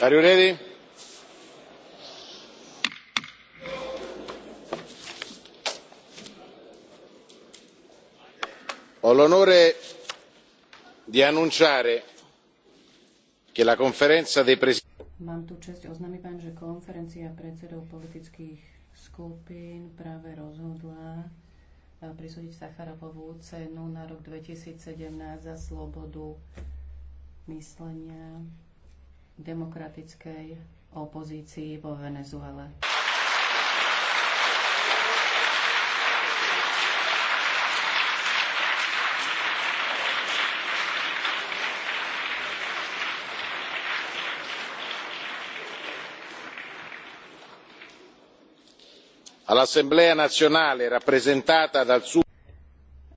are you ready? ho l'onore di annunciare che la conferenza dei presidenti. Mám tu čest oznámiť vám, že konferencia predsedov politických skupín práve rozhodla eh, prisúdiť Sacharovovú cenu na rok 2017 za slobodu myslenia demokratickej opozícii vo Venezuele. All'Assemblea nazionale rappresentata dal suo